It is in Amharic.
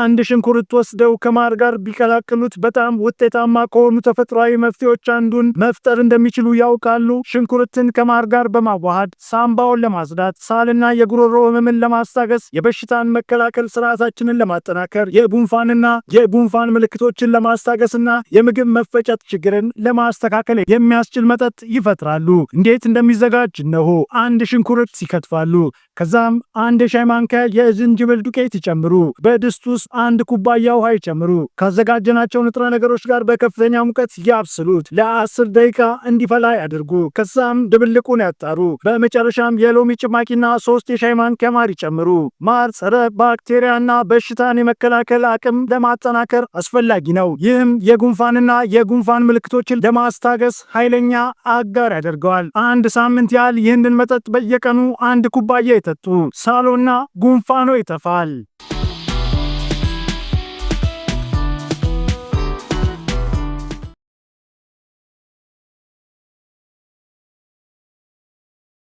አንድ ሽንኩርት ወስደው ከማር ጋር ቢቀላቅሉት በጣም ውጤታማ ከሆኑ ተፈጥሯዊ መፍትሄዎች አንዱን መፍጠር እንደሚችሉ ያውቃሉ? ሽንኩርትን ከማር ጋር በማዋሃድ ሳምባውን ለማጽዳት፣ ሳልና የጉሮሮ ህመምን ለማስታገስ፣ የበሽታን መከላከል ስርዓታችንን ለማጠናከር፣ የጉንፋንና የጉንፋን ምልክቶችን ለማስታገስና የምግብ መፈጨት ችግርን ለማስተካከል የሚያስችል መጠጥ ይፈጥራሉ። እንዴት እንደሚዘጋጅ እነሆ። አንድ ሽንኩርት ይከትፋሉ። ከዛም አንድ የሻይ ማንኪያ የዝንጅብል ዱቄት ይጨምሩ። በድስት ውስጥ አንድ ኩባያ ውሃ ይጨምሩ። ካዘጋጀናቸው ንጥረ ነገሮች ጋር በከፍተኛ ሙቀት ያብስሉት ለአስር ደቂቃ እንዲፈላ ያድርጉ። ከዛም ድብልቁን ያጣሩ። በመጨረሻም የሎሚ ጭማቂና ሶስት የሻይ ማንኪያ ማር ይጨምሩ። ማር ጸረ ባክቴሪያና በሽታን የመከላከል አቅም ለማጠናከር አስፈላጊ ነው። ይህም የጉንፋንና የጉንፋን ምልክቶችን ለማስታገስ ኃይለኛ አጋር ያደርገዋል። አንድ ሳምንት ያህል ይህንን መጠጥ በየቀኑ አንድ ኩባያ እየጠጡ ሳሎና ጉንፋኖ ይተፋል።